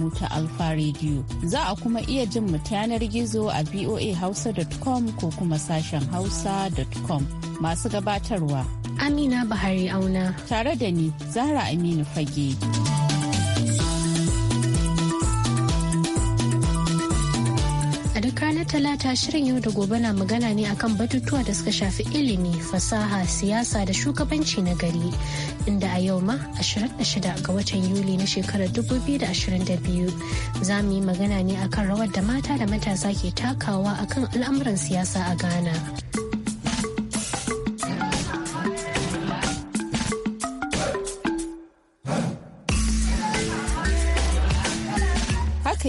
mu ta Alfa Radio. Za a kuma iya jin mu ta yanar gizo a voahausa.com ko kuma sashen hausa.com. Masu gabatarwa. Amina Bahari Auna. Tare da ni, Zahra Aminu Fage. talata shirin yau da gobe na magana ne akan batutuwa da suka shafi ilimi, fasaha, siyasa da shugabanci na gari. Inda a yau ma 26 ga watan Yuli na shekarar 2022 za mu yi magana ne akan rawar da mata da matasa ke takawa akan al'amuran siyasa a Ghana.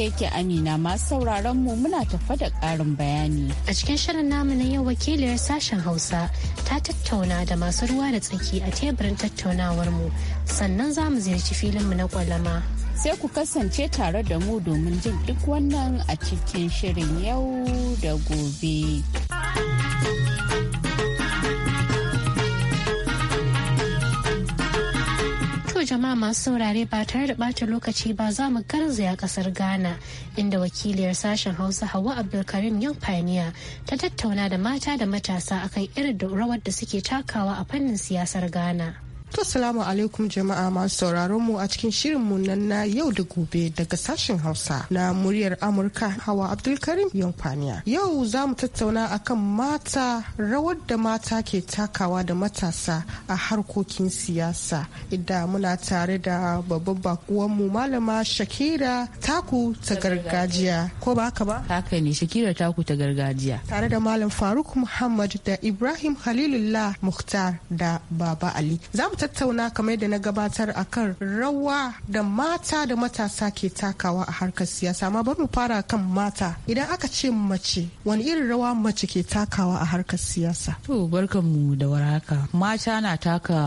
yake Amina masu sauraron mu muna tafa da ƙarin bayani. A cikin shirin namu na yau wakiliyar sashen Hausa ta tattauna da masu ruwa da tsaki a teburin tattaunawar mu sannan za mu ziyarci filin mu na kwalama. Sai ku kasance tare da mu domin jin duk wannan a cikin shirin yau da gobe. jama'a masu saurare ba tare da ɓata lokaci ba za mu garzaya kasar Ghana inda wakiliyar sashen Hausa Hawa Abdulkarim yan Pioneer ta tattauna da mata da matasa akan irin da rawar da suke takawa a fannin siyasar Ghana. To salamu alaikum jama'a masu sauraron mu a cikin shirin mu nan na yau da gobe daga sashen Hausa na muryar Amurka Hawa Abdulkarim Yankwaniya. Yau za mu tattauna akan mata rawar da mata ke takawa da matasa a harkokin siyasa. Idan muna tare da babban bakuwan mu malama Shakira Taku ta gargajiya. Ko ba haka ba? Haka ne Shakira Taku ta gargajiya. Tare da malam Faruk Muhammad da Ibrahim Khalilullah Mukhtar da Baba Ali. Za mu tattauna kamar da na gabatar a kan rawa da mata da matasa ke takawa a harkar siyasa amma bari mu fara kan mata idan aka ce mace wani irin rawa mace ke takawa a harkar siyasa to barkanmu da warhaka mata na taka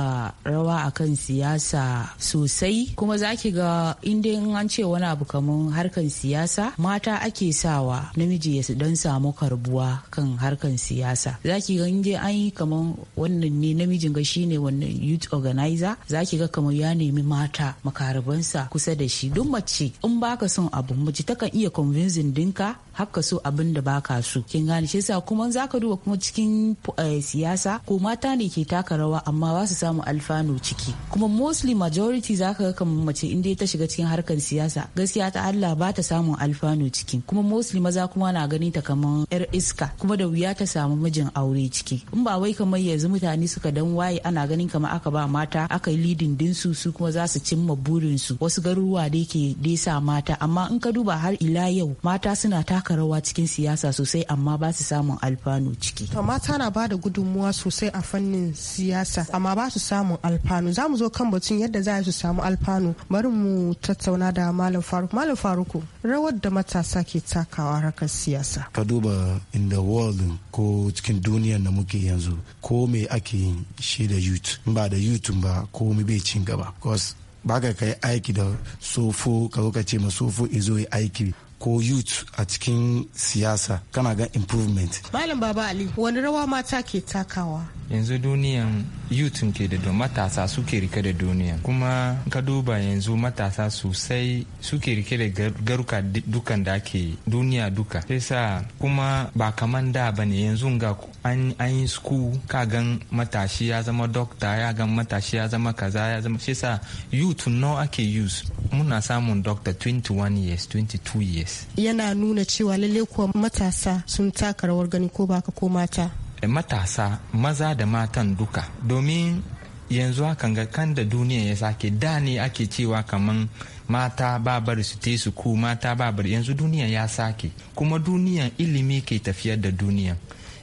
rawa a kan siyasa sosai kuma zaki ga inda in an ce wani abu kamar harkar siyasa mata ake sawa namiji ya dan samu karbuwa kan harkar siyasa zaki ga inda an yi kamar wannan ne namijin ga shine wannan youth organizer za ki ga kamar ya nemi mata makarabansa kusa da shi duk mace in baka son abu mace takan iya convincing dinka haka so abin da baka so kin gane shi yasa kuma zaka duba kuma cikin eh, siyasa ko mata ne ke taka rawa amma ba su samu alfano ciki kuma mostly majority zaka ga kamar mace inda ta shiga cikin harkar siyasa gaskiya ta Allah ba ta samun alfano ciki kuma mostly maza kuma na ganin ta kamar yar iska kuma da wuya ta samu mijin aure ciki in ba wai kamar yanzu mutane suka dan waye ana ganin kamar aka ba mata aka yi lidin dinsu su kuma za su cimma burinsu wasu garuruwa da ke desa mata amma in ka duba har ila yau mata suna taka rawa cikin siyasa sosai amma ba su samun alfanu ciki. To mata na ba da gudunmuwa sosai a fannin siyasa amma ba su samun alfanu za mu zo kan batun yadda za su samu alfanu bari mu tattauna da malam faruk malam faruku rawar da matasa ke takawa harkar siyasa. Ka duba in the world ko cikin duniya da muke yanzu ko me ake yin shi da youth ba da youth jutun ba komi bai cin gaba because baka kai aiki da sofo ka zo ka ce ma sofo izo yi aiki ko youth a cikin siyasa kana ga improvement malam baba ali wani rawa mata ke takawa yanzu duniyan youth ke da matasa suke rike da duniya kuma ka duba yanzu matasa sosai suke rike da garuka dukan da ake duniya duka sai sa kuma ba kaman da ba ne yanzu ga an yi school ka gan matashi ya zama dokta ya gan matashi ya zama kaza ya zama sai sa youth no ake use muna samun dokta 21 years 22 years yana nuna cewa lalle kuwa matasa sun taka rawar gani ko baka ko mata eh, matasa maza da matan duka domin yanzu hakan ga kan da duniya ya sake da ne ake cewa kaman mata babar su te su ku mata babar yanzu duniya ya sake kuma duniya ilimi ke tafiyar da duniya.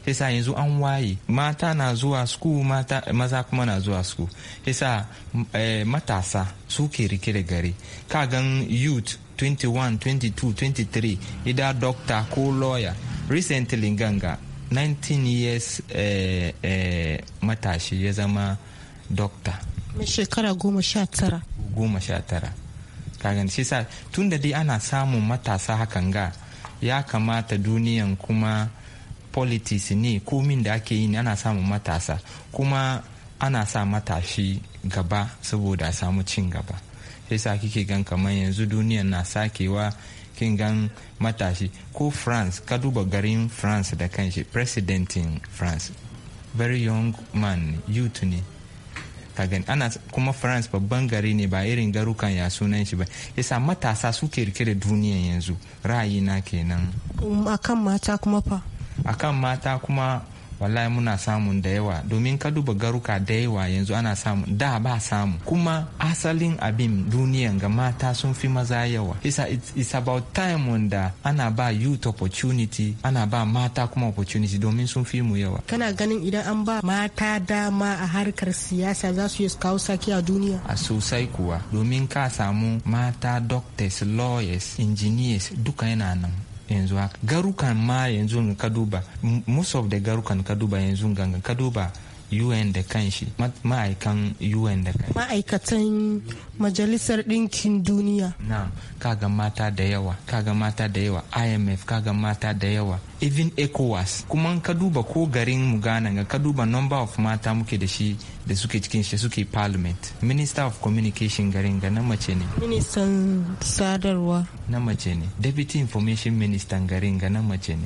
yasa yanzu an waye mata na zuwa suku mata maza kuma na zuwa suku yasa eh, matasa su ke rike da gari kagan youth 21 22 23 either doctor ko lawyer recently ganga 19 years eh, eh, matashi ya zama doctor mai shekara goma sha tara goma sha tara kagan shi sa tun da dai ana samun matasa hakan ga ya kamata duniyan kuma politics ne komin da ake yi ana samun matasa kuma ana sa matashi gaba saboda a samu cin gaba yasa kike gan kamar yanzu duniyan na sakewa kin gan matashi ko france ka duba garin france da kanshi presidentin france very young man youth ne ana kuma france babban gari ne ba irin garukan ya sunan shi ba yasa matasa su rike da duniya yanzu ra'ayi na kenan um, akan mata kuma fa akan mata kuma wallahi muna samun da yawa domin ka duba garuka da yawa yanzu ana samu da ba samu kuma asalin abin duniyan ga mata sun fi maza yawa isa it's, it's about time wanda ana ba youth opportunity ana ba mata kuma opportunity domin sun fi mu yawa kana ganin idan an ba mata dama a harkar siyasa za su yi kawo saki a duniya a sosai kuwa domin ka samu mata doctors lawyers engineers duka yana nan yanzu haka garukan ma yanzu ka duba most of the garukan ka duba yanzu ga ka duba UN da kanshi ma'aikan UN da kanshi. Ma'aikatan Majalisar Ɗinkin Duniya. Na, kaga mata da yawa, kaga mata da yawa, IMF kaga mata da yawa, even ecowas kuma ka duba ko garin mugana ghana ka duba number of mata muke da shi da suke cikin shi suke parliament minister of communication garin ga na mace ne ministan sadarwa na mace ne deputy information minister garin ga na mace ne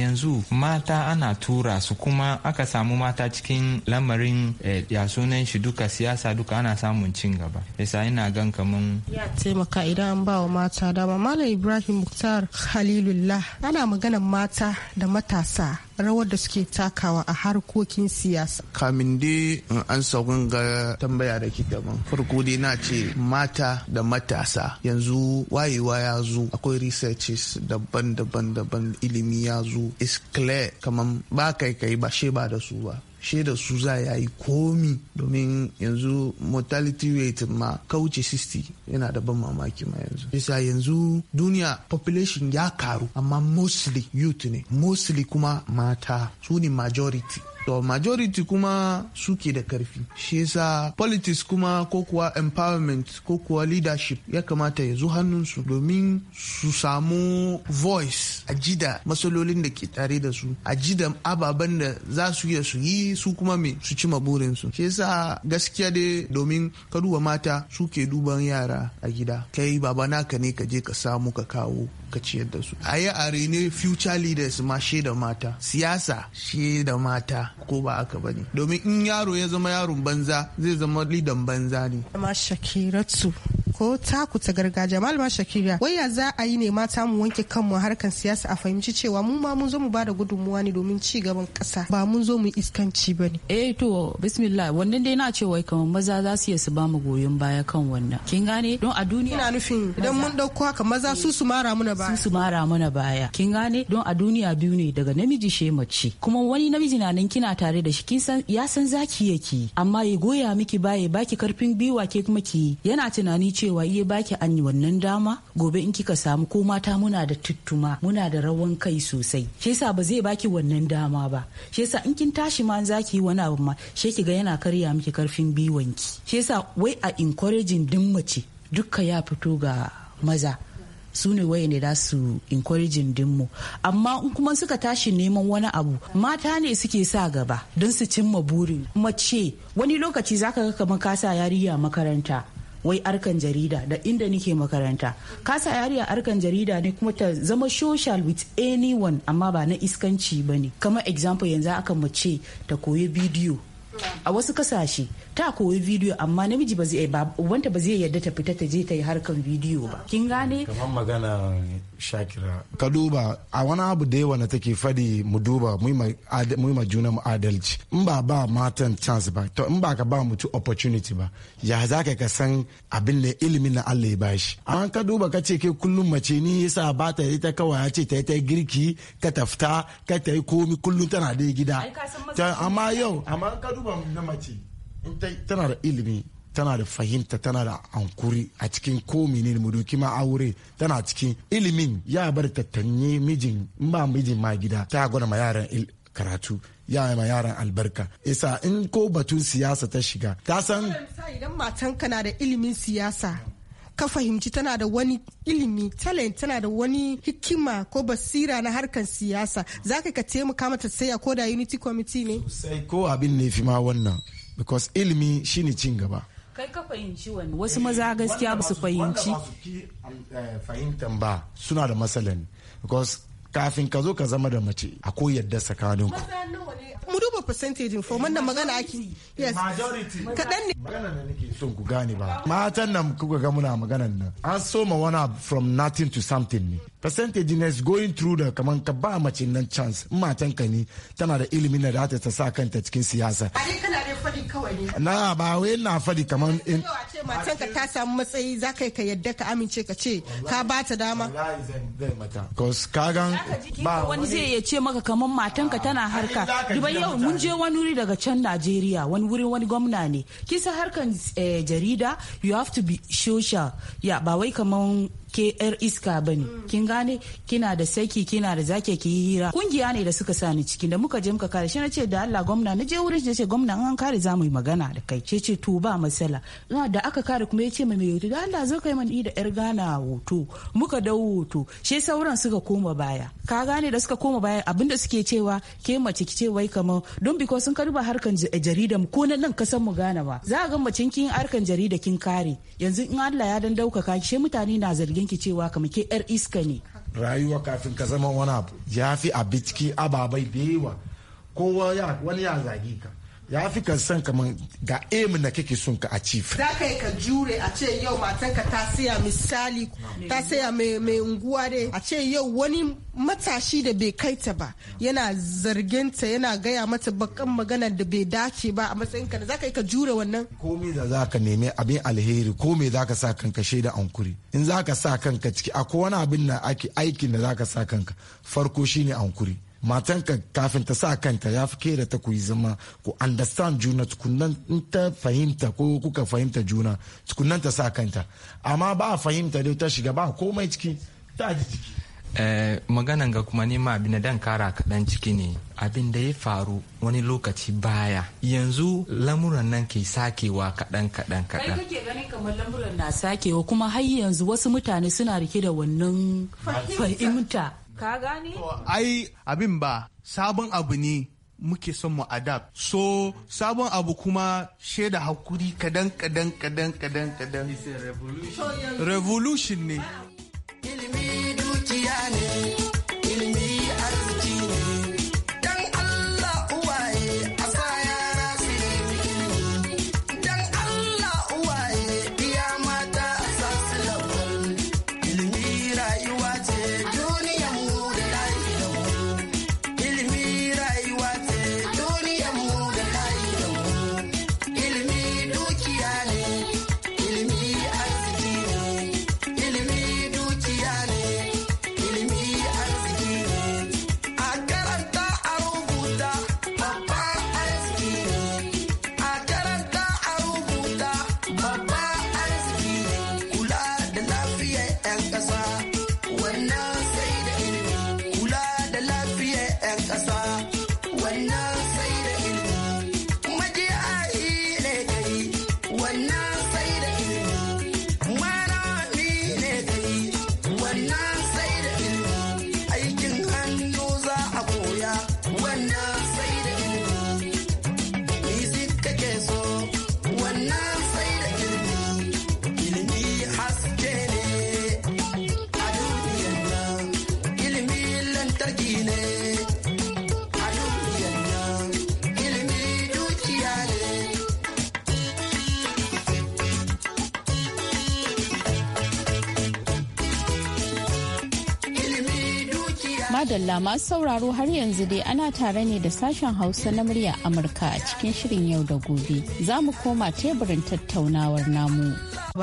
yanzu mata ana tura su kuma aka samu mata cikin lamarin eh, ya sunan shi duka siyasa duka ana samun cin gaba isa ina gan kaman ya taimaka idan an ba wa mata dama malam ibrahim muktar khalilullah ana maganan mata da matasa rawar da suke takawa a harkokin siyasa. Kamin dai an saukin ga tambaya da ke ban. Farko dai na ce mata da matasa yanzu wayewa ya zo akwai researches daban-daban daban ilimi ya zo is clear kamar ba kai kai ba she ba da su ba. shaida su za ya yi komi domin yanzu mortality rate ma kauce 60 yana da ban mamaki ma yanzu bisa yanzu duniya population ya karu amma mostly youth ne mostly kuma mata su ne majority to majority kuma suke da karfi shi yasa politics kuma ko kuwa empowerment ko kuwa leadership ya kamata ya zo hannunsu domin su samu voice a ji da matsalolin da ke tare da su a ji da ababen da za su iya su yi su kuma me su ci maburinsu shi yasa gaskiya dai domin ka duba mata suke duban yara a gida kai baba naka ne ka je ka samu ka kawo ka ciyar da su a yi a rene future leaders ma shaida mata siyasa shaida mata ko ba aka bane domin in yaro ya zama yaron banza zai zama lidan banza ne. Shakiratu ko taku ta gargajiya malama shakira waya za a yi ne mata mu wanke kanmu harkar siyasa a fahimci cewa mu ma mun zo mu bada gudunmuwa ne domin ci gaban kasa ba mun zo mu iskanci ba ne eh to bismillah wannan dai na cewa kamar maza za su iya su ba mu goyon baya kan wannan kin gane don a duniya ina nufin idan mun dauko haka maza su su mara mana baya su su mara mana baya kin gane don a duniya biyu ne daga namiji she mace kuma wani namiji na nan kina tare da shi kin san ya san zaki yake amma ya goya miki baya baki karfin gwiwa ke kuma ki yana tunani ce cewa iya baki an yi wannan dama gobe in kika samu ko mata muna da tuttuma muna da rawan kai sosai shi yasa ba zai baki wannan dama ba shi yasa in kin tashi ma za yi wani abu ma shi ki ga yana karya miki karfin ki shi yasa wai a encouraging din mace dukka ya fito ga maza su ne waye ne da su encouraging dinmu amma in kuma suka tashi neman wani abu mata ne suke sa gaba don su cimma burin mace wani lokaci zaka ga kamar ka sa yariya makaranta wai arkan jarida da inda nike makaranta kasa yariya arkan jarida ne kuma ta zama social with anyone amma ba na iskanci ba ne kamar example yanzu aka mace ta koyi bidiyo a wasu kasashe ta koyi bidiyo amma namiji ba zai ba ba zai yarda ta fita ta je ta yi harkan bidiyo ba kin gane kamar magana shakira ka duba a wani abu da yawa na take fadi mu duba mu yi ma juna mu adalci in ba ba matan chance ba to in ba ka ba mutu opportunity ba ya za ka ka san abin da ilimin na Allah ya bashi an ka duba ka ce ke kullum mace ni yasa ba ta ta kawai ya ce ta yi ta girki ka tafta ka ta yi komi kullum tana da gida amma yau amma ka duba na mace tana da ilimi tana da fahimta tana da ankuri a cikin komi ne mu ma aure tana cikin ilimin ya bar tanye mijin ba mijin ma gida ta gwada ma yaran karatu ya ma yaran albarka isa in ko batun siyasa ta shiga ta san idan ka na da ilimin siyasa ka fahimci tana da wani ilimi talent tana da wani hikima ko basira na harkar siyasa zaka ka taimaka mata saya ko da unity committee ne sai ko abin ne fi ma wannan because ilimi shine cin gaba kai ka fahimci wani wasu eh, maza gaskiya ba su fahimci eh, fahimtan ba suna da matsala because kafin ka zo ka zama da mace ko yadda tsakanin ku mu duba percentage for wannan magana ake yes kaɗan ne magana ne nake son ku gane ba matan nan kuka ga muna maganan nan an so ma wana from nothing to something ne percentage ne is going through da kaman ka ba mace nan chance matan ka ne tana da ilimin da za ta sa kanta cikin siyasa Ai kana dai fadi kawai ne na ba wai na fadi kaman in matanka ta samu matsayi za ka ka yadda ka amince ka ce ka ba ta dama wani zai iya ce maka kamar matanka tana harka duba yau mun je wani wuri daga can najeriya wani wuri wani gwamna ne kisa harkan eh, jarida you have to be social ya ba wai kamar ke yar iska ba ne kin gane kina da saki kina da zake ki yi hira kungiya ne da suka sa ni cikin da muka je muka kare shi na ce da Allah gwamna na je wurin shi ce gwamna an kare za mu yi magana da kai ce ce to ba masala da aka kare kuma ya ce mai yoto da Allah zo kai man da yar gana hoto muka dau hoto shi sauran suka koma baya ka gane da suka koma baya abinda suke cewa ke mace ki ce wai kamar don biko sun karba harkan mu ko na nan kasan mu gana ba za ga mace kin harkan jarida kin kare yanzu in Allah ya dan dauka ka shi mutane na zargi zargin ki cewa kamar ke yar iska ne rayuwa kafin ka zama wani abu ya fi a cikin ababai da yawa kowa wani ya zage ka ya fi kan san kamar ga emin na kake son ka achieve za ka yi ka jure a ce yau matanka ta saya misali ta saya mai unguwa dai a ce yau wani matashi da bai kai ta ba yana zarginta yana gaya mata bakan magana da bai dace ba a matsayin ka za ka yi ka jure wannan komai da za ka nemi abin alheri komai za ka sa kanka shaida ankuri in za ka sa kanka ciki akwai wani abin na ake aikin da za ka sa kanka farko shine ankuri matan ka kafin ta sa kanta ya fi kera ta ku yi zama ku understand juna tukunan in ta fahimta ko kuka fahimta juna tukunan ta sa kanta amma ba a fahimta dai ta shiga ba komai ciki ta ji ciki eh, maganan ga kuma nema abin da dan kara kaɗan ciki ne abin da ya faru wani lokaci baya yanzu lamuran nan ke sakewa kaɗan kaɗan kaɗan kai kake ganin kamar lamuran na sakewa kuma har yanzu wasu mutane suna rike da wannan fahimta ka gane ai abin ba sabon abu ne muke son mu adapt so sabon abu kuma shaida hakuri kadan kadan kadan kadan kadan revolution ne Allah masu sauraro har yanzu dai ana tare ne da sashen hausa na murya amurka a cikin shirin yau da gobe za mu koma teburin tattaunawar namu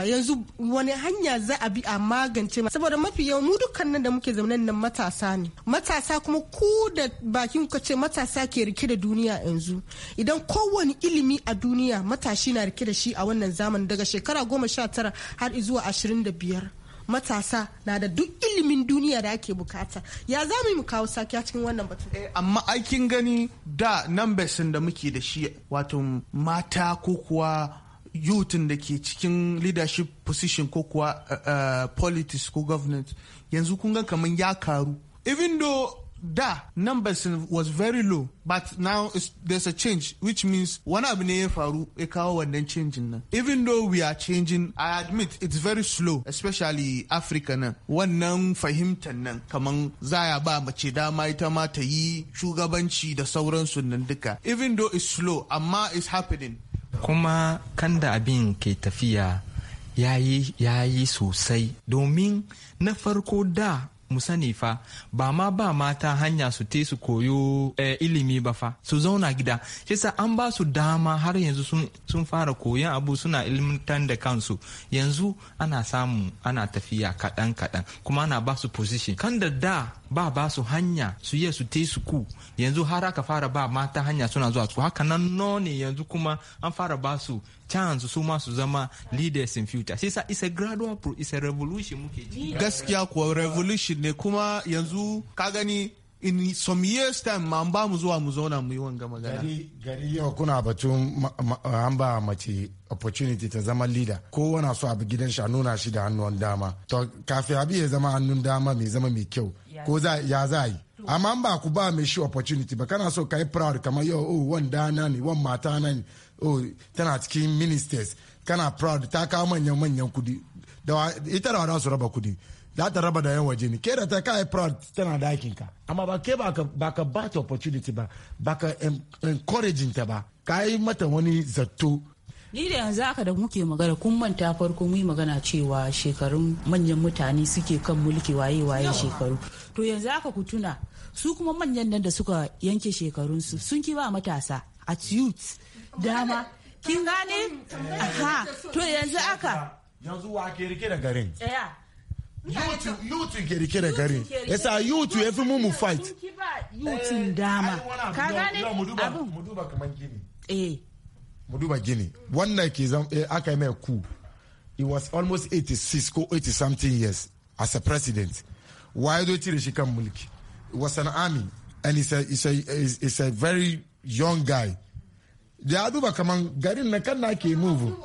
yanzu wani hanya za a bi a magance ma. saboda mafi yawan mu nan da muke zaune nan matasa ne matasa kuma ku da bakin kuka ce matasa ke rike da duniya yanzu idan kowane ilimi a duniya matashi na rike da shi a wannan zamani daga shekara goma sha tara har zuwa ashirin da biyar matasa na da duk ilimin duniya da ake bukata ya za mu kawo sakiya cikin wannan batun. Eh, amma aikin gani da nan da muke da shi wato mata ko kuwa yutun da ke cikin leadership position ko kuwa eh, eh, politics ko governance yanzu kun ga kamar ya karu even though da numbers was very low but now there's a change which means wani abu ne ya faru ya kawo wannan changing nan even though we are changing i admit it's very slow especially africa nan wannan fahimtar nan kaman zaya ba mace dama ita ma ta yi shugabanci da sauransu nan duka even though it's slow amma it's happening kuma kan da abin ke tafiya ya yi sosai domin na farko da mu sani fa ba ma ba mata hanya su te su koyo eh, ilimi ba fa su zauna gida shi an ba su dama har yanzu sun fara koyon abu suna tan da kansu yanzu ana samu ana tafiya kaɗan kaɗan kuma ana ba su position kan da da ba ba su hanya su yi su te su ku yanzu har aka fara ba mata hanya suna zuwa su haka nan no ne yanzu kuma an fara ba su chance su ma su zama leaders in future sai sa isa gradual pro a revolution muke ji gaskiya kuwa revolution ne kuma yanzu ka gani in some years time ma ba mu zuwa mu zauna mu yi wanga magana gari yau kuna batun an ba mace opportunity ta zama leader ko wana so abu gidan shi a nuna shi da hannun dama to kafin abi ya zama hannun dama mai zama mai kyau ko ya za yi amma ba ku ba mai shi opportunity ba kana so ka yi proud kamar yau oh wan dana ne wan mata na ne oh tana cikin ministers kana proud ta kawo manyan manyan kudi ita da wada su raba kudi za ta raba da yan waje ne ke da ta kai proud tana dakin ka amma ba ke ba ka ba ta opportunity ba ba ka encouraging ta ba ka yi mata wani zato ni da yanzu aka da muke magana kun manta farko mu magana cewa shekarun manyan mutane suke kan mulki waye waye shekaru to yanzu aka ku tuna su kuma manyan nan da suka yanke shekarunsu sun kiwa matasa a youth dama kin gane aha to yanzu aka yanzu wa ke rike da garin eh, youth ke rike da garin yasa youth ya fi mumu fight youth dama ka gane abin mu duba kaman gini eh mu duba gini wannan ke eh, aka yi mai ku he was almost 86 ko 80 something years as a president wa ya zo cire shi kan mulki was an army, and he's a, he's a, he's a very young guy ya duba kaman garin na kan ke mubu.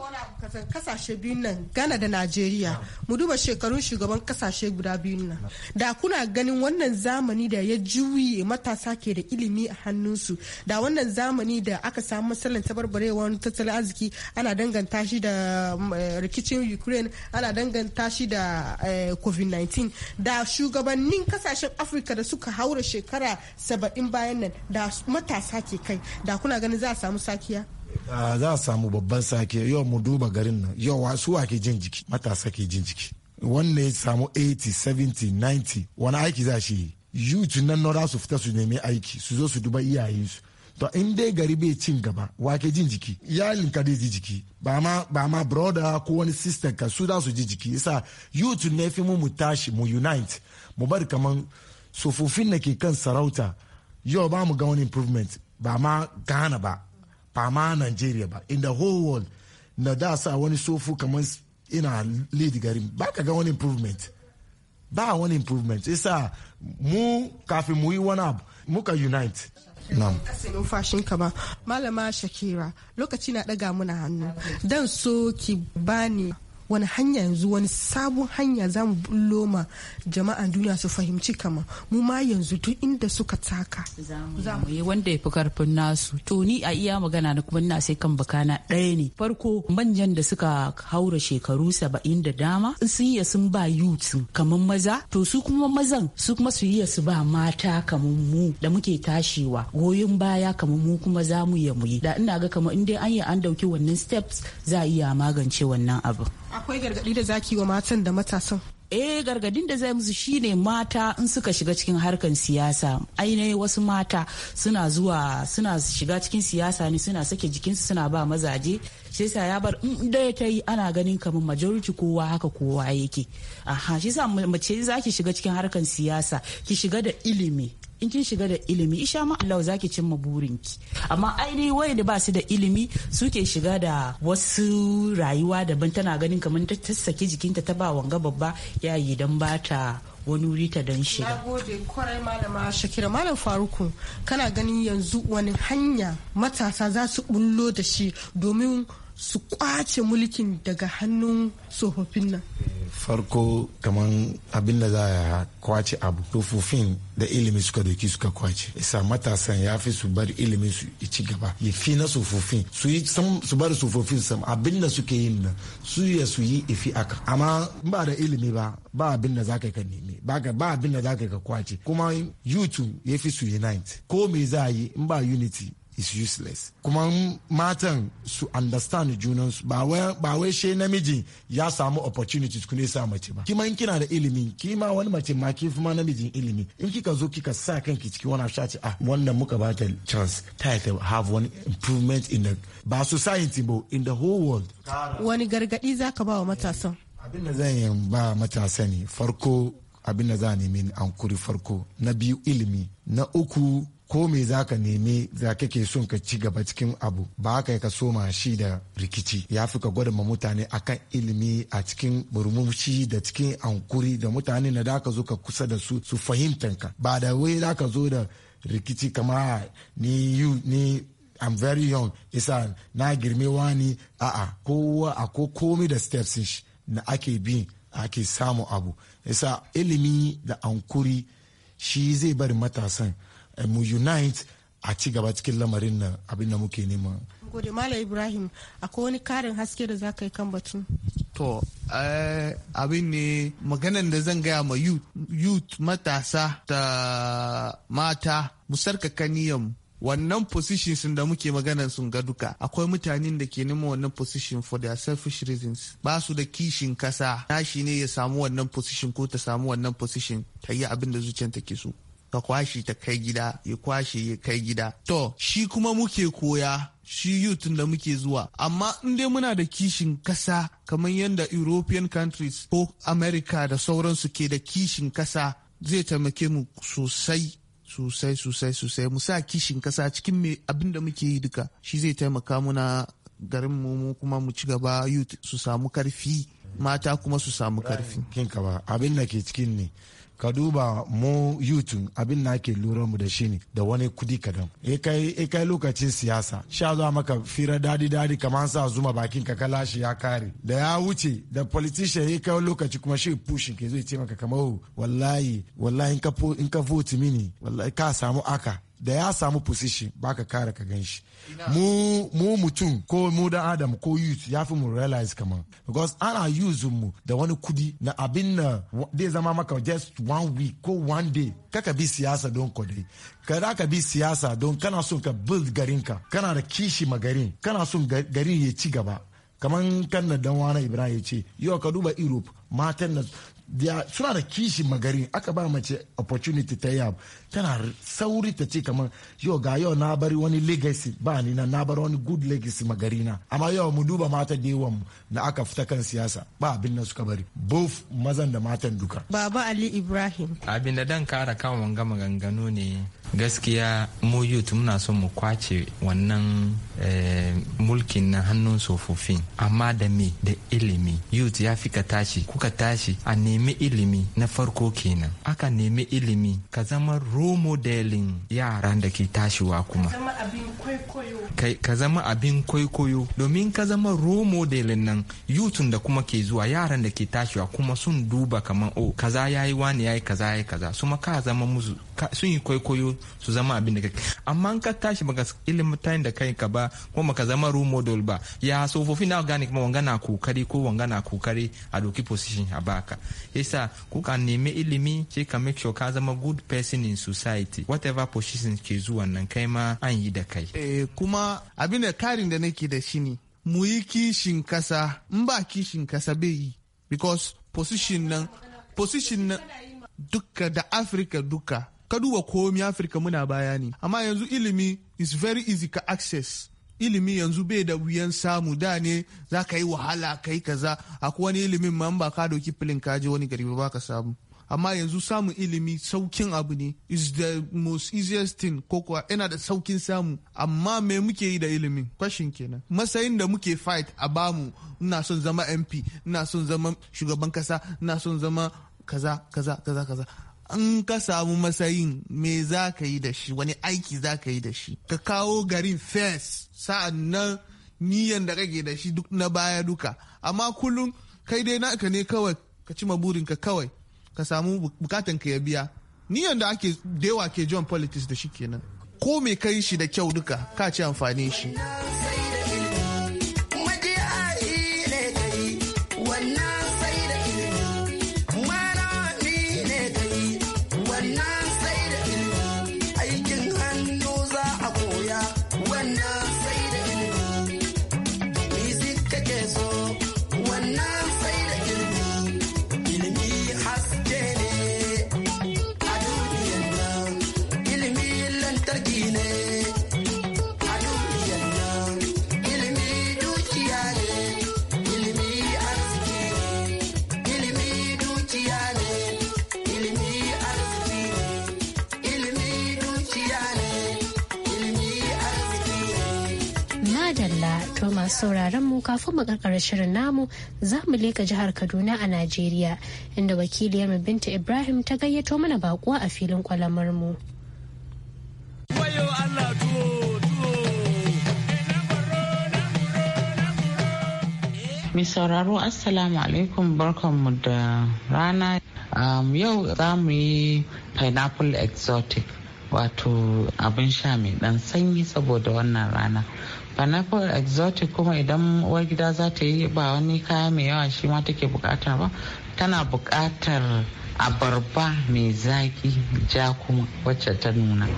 kasashe biyun nan Ghana da Najeriya mu duba shekarun shugaban kasashe guda biyun nan da kuna ganin wannan zamani da ya juye matasa ke da ilimi a hannunsu da wannan zamani da aka samu matsalar tabarbarewar tattalin arziki ana danganta shi da mm, eh, rikicin Ukraine ana danganta shi da eh, COVID-19 da shugabannin kasashen Afirka da suka haura shekara saba'in bayan nan da matasa ke kai da kuna ganin za a samu sake sakiya ah, za a samu babban sake yau mu duba garin nan yau wasu ke jin jiki matasa ke jin jiki wanda ya samu 80 70 90 wani aiki za shi yi nan na su fita su nemi aiki su zo su duba iyayensu to in dai gari bai cin gaba wake jin jiki iyalin ka ji jiki ba ma ba ma broda ko wani sister ka su da su ji jiki yasa youth ne fi mu tashi mu unite mu bar kaman sufufin da ke kan sarauta yau ba mu ga wani improvement ba ma gana ba ba ma Nigeria ba in the whole world na da sa wani sofu kamar ina lead garin ba ka ga wani improvement ba wani improvement isa mu kafin mu yi wani abu muka unite Nam. numfashin ka ba malama shakira lokaci na daga muna hannu dan so ki bani wani hanya yanzu wani sabon hanya za mu bullo ma jama'a duniya su fahimci kama mu ma yanzu duk inda suka taka za mu yi wanda ya fi karfin nasu to ni a iya magana na kuma ina sai kan bakana ɗaya ne farko manjan da suka haura shekaru saba'in da dama sun iya sun ba youth kamar maza to su kuma mazan su kuma su iya su ba mata kamar mu da muke tashiwa goyon baya kamar mu kuma za mu yi da ina ga kamar in dai an yi an dauki wannan steps za a iya magance wannan abu akwai gargadi da zaki wa matan da matasan eh gargadin da zai musu shine mata in suka shiga cikin harkan siyasa ainihin wasu mata suna zuwa suna shiga cikin siyasa ne suna sake jikinsu suna ba mazaje shi yasa ya bar in daya ta yi ana ganin kamar majority kowa haka kowa yake aha shi yasa mace zaki shiga cikin harkan siyasa ki shiga da ilimi in kin shiga da ilimi isha ma Allah zaki cimma burinki amma ainihin wayanda ba su da ilimi suke shiga da wasu rayuwa daban tana ganin kamar ta tassake jikinta ta ba wanga babba yayi dan bata wani wuri ta dan shiga. Na gode kwarai malama Shakira malam Faruku kana ganin yanzu wani hanya matasa za su bullo da shi domin su kwace mulkin daga hannun tsofaffin nan farko kamar abinda za a kwace abu tsofaffin da ilimi suka doki suka kwace isa matasan ya fi su bar ilimin su ci gaba ya fi na tsofaffin su yi bar tsofaffin sam abinda suke yin nan su ya su yi ifi aka amma ba da ilimi ba ba abin da zaka ka nemi ba abin da zaka ka kwace kuma youtube ya fi su unite ko me za a yi in ba unity is useless kuma matan su understand junansu ba wai she namiji ya samu opportunity kuma ya sa mace ba kima in kina da ilimi kima wani mace ma kin fi ma namijin ilimi in kika zo kika sa kanki cikin wani sha ce ah wannan muka ba ta chance ta ta have one improvement in the ba society ba in the whole world wani gargadi zaka ba wa matasan abin da zan yi ba matasa ne farko abin da za a nemi an kuri farko na biyu ilimi na uku ko me za ka nemi za kake son ka ci gaba cikin abu ba haka ka soma shi da rikici ya fi ka gwada ma mutane akan ilimi a cikin murmushi da cikin ankuri da mutane na da ka zo ka kusa da su su ka ba da wai za ka zo da rikici kama ah, ni yu ni I'm very young isa na girme wani a'a kowa a ko komi da steps na ake bi ake samu abu isa ilimi da ankuri shi zai bari matasan mu unite a ci gaba cikin lamarin nan abin da muke nema gode mala ibrahim akwai wani karin haske da za ka yi kan batun to eh, abin ne maganan da zan gaya ma youth matasa da mata mu sarkaka niyan wannan positions da muke maganan sun ga duka akwai mutanen da ke nema wannan position for their selfish reasons ba su da kishin kasa nashi ne ya samu wannan position ko ta samu wannan position ta yi abin da zuciyar ke so ka kwashe ta kai gida ya kwashe ya kai gida to shi kuma muke koya shi yutun da muke zuwa amma in dai muna da kishin kasa kamar yadda european countries ko america da sauransu ke da kishin kasa zai taimake mu sosai sosai sosai sosai mu sa kishin kasa cikin mai abin da muke yi duka shi zai taimaka muna garin mu kuma mu ci gaba youth su samu karfi mata kuma su samu karfi abin da ke cikin ne ka duba mu yutun abin na ke lura mu da shi ne da wani kudi kadan e kai lokacin siyasa sha zuwa maka fira dadi dadi kamar sa zuma bakin ka kalashi ya kare da ya wuce da politician ya kai lokaci kuma shi pushin ke zai ce maka kamar oh, wallahi wallahi in ka vote mini wallahi ka samu aka da ya samu position ka kare ka gan shi mu mu mutum ko mu da adam ko youth ya fi mu realize kaman because ana use mu da wani kudi na abin na dai zama maka just one week ko one day kaka bi siyasa don kodai ka da ka bi siyasa don kana son ka build Ka kana da kishi ma garin kana son garin ya ci gaba kaman kan na dan wani ibrahim ya ce yau ka duba europe matan na suna da kishi magari aka ba mace opportunity ta yi tana sauri ta ce kamar yau ga yau na bari wani legacy ba ni na na bari wani good legacy magari na amma yau mu duba mata da yawan da aka fita kan siyasa ba abin nan suka bari both mazan da matan duka baba ali ibrahim abin da dan kara kan wanga maganganu ne gaskiya mu youth muna so mu kwace wannan eh, mulkin na hannun tsofaffin amma da me da ilimi youth ya fi ka tashi kuka tashi a nemi ilimi na farko kenan aka nemi ilimi ka zama role modeling yaran da ke tashiwa kuma ka zama abin kwaikwayo domin ka zama role modeling nan yutun da kuma ke zuwa yaran da ke tashiwa kuma sun duba kaman o oh, kaza yayi wani yayi kaza yayi kaza su ka zama musu sun yi kwaikwayo su zama abin da kake amma ka tashi baka ilimin da kai ka ba kuma ka zama role model ba ya tsofaffi na gane kuma wangana kokari ko wangana kokari a doki position a baka yasa ko ka nemi ilimi sai ka make sure ka zama good person in society whatever position ke zuwa nan kai ma an yi da kai eh kuma abin da karin da nake da shi ne mu yi kishin kasa in ba kishin kasa bai yi because position nan position nan duka da africa duka ka duba komi afirka muna baya ne amma yanzu ilimi is very easy ka access ilimi yanzu bai da wuyan samu da ne za ka yi wahala ka yi kaza akwai wani ilimin ma ba ka doki filin ka je wani gari ba ka samu amma yanzu samun ilimi saukin abu ne is the most easiest thing ko kuwa yana da saukin samu amma me muke yi da ilimin fashin kenan matsayin da muke fight a bamu ina son zama mp ina son zama shugaban kasa ina son zama kaza kaza kaza kaza in ka samu matsayin me za ka yi da shi wani aiki za ka yi da shi ka kawo garin fes sa'an nan niyan da kake da shi na baya duka amma kullum kai dai naka ne kawai ka cima burinka kawai ka samu bukatan ka ya biya niyan da ake dewa ke john politics da shi kenan ko me kai shi da kyau duka ka ci amfani shi. sauraron mu kafin mu karkara shirin namu za mu leka jihar Kaduna a Najeriya inda wakiliyar Binta Ibrahim ta gayyato mana bakuwa a filin kwalamar mu. Mai sauraro Assalamu alaikum mu da rana. yau za mu yi pineapple exotic wato abin sha mai dan sanyi saboda wannan rana. pineapple exotic kuma idan uwar gida za ta yi ba wani kaya mai yawa shi ma take bukata ba tana bukatar abarba mai zaki ja kuma wacce ta nuna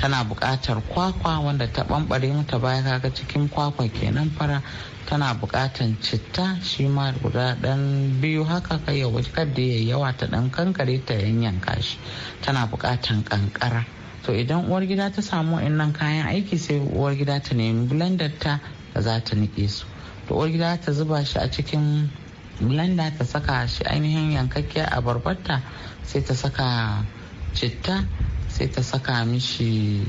tana bukatar kwakwa wanda ta bambare mata baya kaga cikin kwakwa kenan fara tana bukatan citta shi ma guda dan biyu haka kai ya wuce kadda yayi yawa ta dan kankare ta yanyanka shi tana bukatan kankara to idan uwar gida ta samu nan kayan aiki sai uwar gida ta nemi blender ta za ta nike su to uwar gida ta zuba shi a cikin blender ta saka shi ainihin yankakkiyar abarbarta sai ta saka citta sai ta saka mishi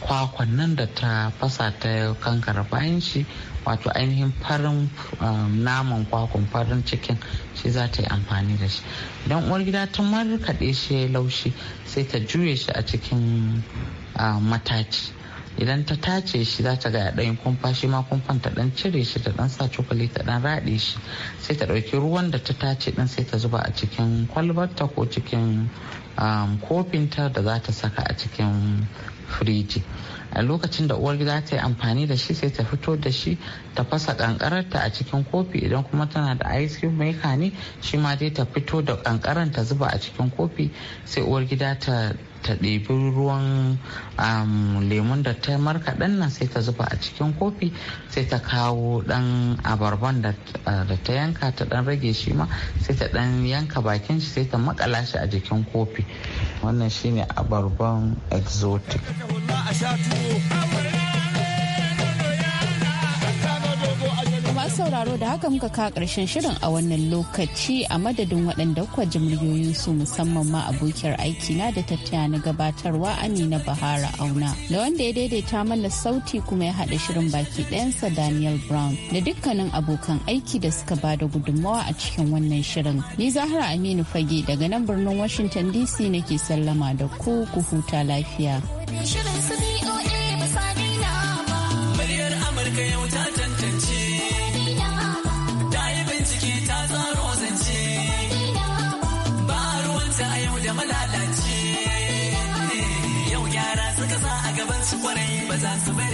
kwakwan da ta fasa ta kankara bayan shi wato ainihin farin um, naman kwakwan farin cikin shi za ta yi amfani da shi don uwar gida ta markaɗe shi ya laushi sai ta juye shi a cikin um, mataci idan ta tace shi za ta ga ɗayan kumfa shi ma kumfan ta ɗan cire shi ta ɗan sa cokali ta ɗan raɗe shi sai ta ɗauki ruwan da ta tace ɗin sai ta zuba a cikin kwalbarta ko cikin um, kofinta da za ta saka a cikin firiji a lokacin da uwar gida ta yi amfani da shi sai ta fito da shi ta fasa kankararta a cikin kofi idan kuma tana da ice cream mai ne shi ma dai ta fito da kankaran ta zuba a cikin kofi sai uwar gida ta ta ɗebi ruwan um, lemun da ta markaɗen nan sai ta zuba a cikin kofi sai ta kawo ɗan abarban da ta yanka yanka ta dan rage shi ma sai ta dan yanka bakin shi sai ta makala shi a jikin kofi wannan shine abarban exotic masu sauraro da haka muka kawo karshen shirin a wannan lokaci a madadin waɗanda kuwa ji su musamman ma abokiyar aiki na da tattaya na gabatarwa amina bahara auna da wanda ya daidaita mana sauti kuma ya haɗa shirin baki ɗayansa daniel brown da dukkanin abokan aiki da suka ba da gudummawa a cikin wannan shirin ni zahra aminu fage daga nan birnin washington dc nake sallama da ku ku huta lafiya. Shirin i I'm so bad.